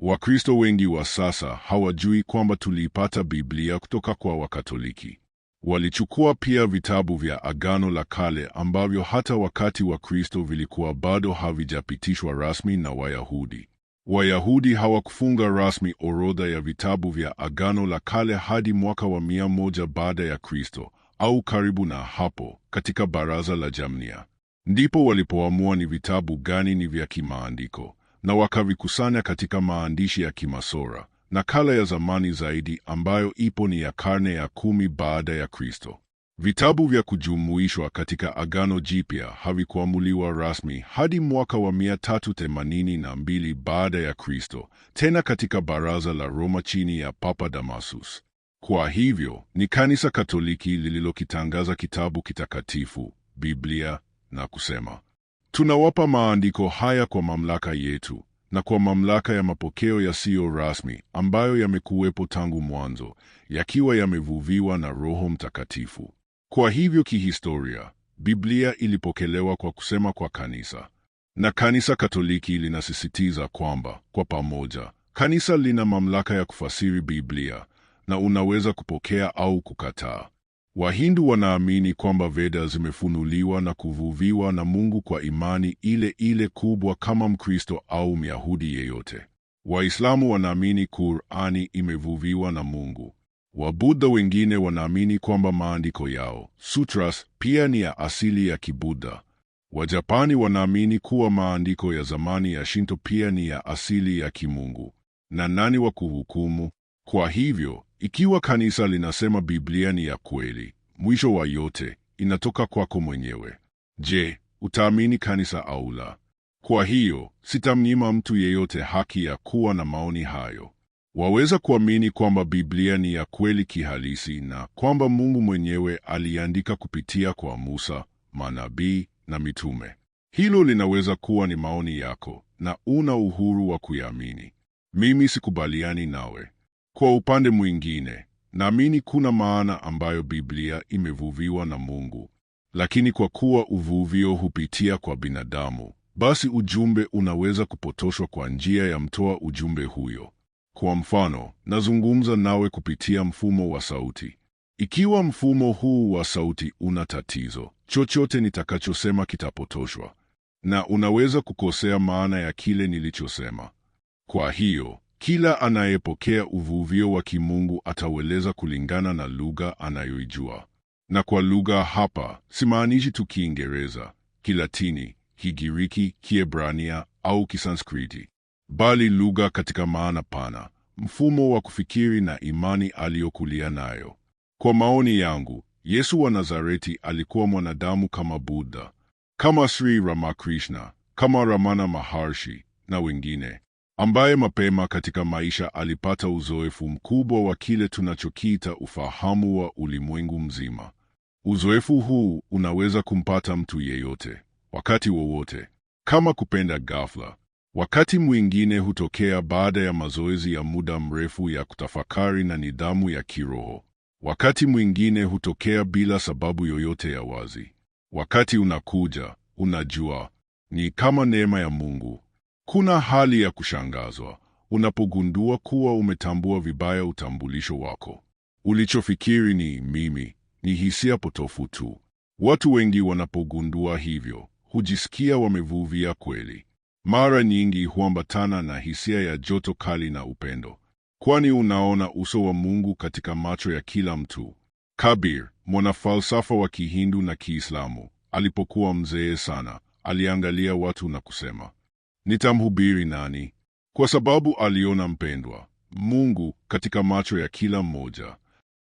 Wakristo wengi wa sasa hawajui kwamba tuliipata Biblia kutoka kwa Wakatoliki. Walichukua pia vitabu vya Agano la Kale ambavyo hata wakati wa Kristo vilikuwa bado havijapitishwa rasmi na Wayahudi. Wayahudi hawakufunga rasmi orodha ya vitabu vya Agano la Kale hadi mwaka wa mia moja baada ya Kristo au karibu na hapo, katika Baraza la Jamnia. Ndipo walipoamua ni vitabu gani ni vya kimaandiko na wakavikusanya katika maandishi ya kimasora, nakala ya zamani zaidi ambayo ipo ni ya karne ya kumi baada ya Kristo. Vitabu vya kujumuishwa katika Agano Jipya havikuamuliwa rasmi hadi mwaka wa 382 baada ya Kristo, tena katika Baraza la Roma chini ya Papa Damasus. Kwa hivyo, ni Kanisa Katoliki lililokitangaza kitabu kitakatifu, Biblia, na kusema Tunawapa maandiko haya kwa mamlaka yetu na kwa mamlaka ya mapokeo yasiyo rasmi ambayo yamekuwepo tangu mwanzo, yakiwa yamevuviwa na Roho Mtakatifu. Kwa hivyo, kihistoria, Biblia ilipokelewa kwa kusema kwa kanisa, na kanisa Katoliki linasisitiza kwamba kwa pamoja kanisa lina mamlaka ya kufasiri Biblia, na unaweza kupokea au kukataa. Wahindu wanaamini kwamba Veda zimefunuliwa na kuvuviwa na Mungu kwa imani ile ile kubwa kama Mkristo au Myahudi yeyote. Waislamu wanaamini Qur'ani imevuviwa na Mungu. Wabudha wengine wanaamini kwamba maandiko yao, sutras, pia ni ya asili ya Kibudha. Wajapani wanaamini kuwa maandiko ya zamani ya Shinto pia ni ya asili ya Kimungu. Na nani wa kuhukumu? Kwa hivyo, ikiwa kanisa linasema Biblia ni ya kweli, mwisho wa yote inatoka kwako mwenyewe. Je, utaamini kanisa au la? Kwa hiyo sitamnyima mtu yeyote haki ya kuwa na maoni hayo. Waweza kuamini kwamba Biblia ni ya kweli kihalisi na kwamba Mungu mwenyewe aliandika kupitia kwa Musa, manabii na mitume. Hilo linaweza kuwa ni maoni yako na una uhuru wa kuyaamini. Mimi sikubaliani nawe. Kwa upande mwingine, naamini kuna maana ambayo Biblia imevuviwa na Mungu, lakini kwa kuwa uvuvio hupitia kwa binadamu, basi ujumbe unaweza kupotoshwa kwa njia ya mtoa ujumbe huyo. Kwa mfano, nazungumza nawe kupitia mfumo wa sauti. Ikiwa mfumo huu wa sauti una tatizo, chochote nitakachosema kitapotoshwa na unaweza kukosea maana ya kile nilichosema. Kwa hiyo kila anayepokea uvuvio wa kimungu ataueleza kulingana na lugha anayoijua. Na kwa lugha hapa simaanishi tu Kiingereza, Kilatini, Kigiriki, Kiebrania au Kisanskriti, bali lugha katika maana pana, mfumo wa kufikiri na imani aliyokulia nayo. Kwa maoni yangu, Yesu wa Nazareti alikuwa mwanadamu kama Buddha, kama Sri Ramakrishna, kama Ramana Maharshi na wengine ambaye mapema katika maisha alipata uzoefu mkubwa wa kile tunachokiita ufahamu wa ulimwengu mzima. Uzoefu huu unaweza kumpata mtu yeyote wakati wowote, kama kupenda ghafla. Wakati mwingine hutokea baada ya mazoezi ya muda mrefu ya kutafakari na nidhamu ya kiroho. Wakati mwingine hutokea bila sababu yoyote ya wazi. Wakati unakuja, unajua, ni kama neema ya Mungu kuna hali ya kushangazwa unapogundua kuwa umetambua vibaya utambulisho wako. Ulichofikiri ni mimi ni hisia potofu tu. Watu wengi wanapogundua hivyo hujisikia wamevuvia kweli. Mara nyingi huambatana na hisia ya joto kali na upendo, kwani unaona uso wa Mungu katika macho ya kila mtu. Kabir, mwanafalsafa wa Kihindu na Kiislamu, alipokuwa mzee sana, aliangalia watu na kusema, nitamhubiri nani? Kwa sababu aliona mpendwa Mungu katika macho ya kila mmoja.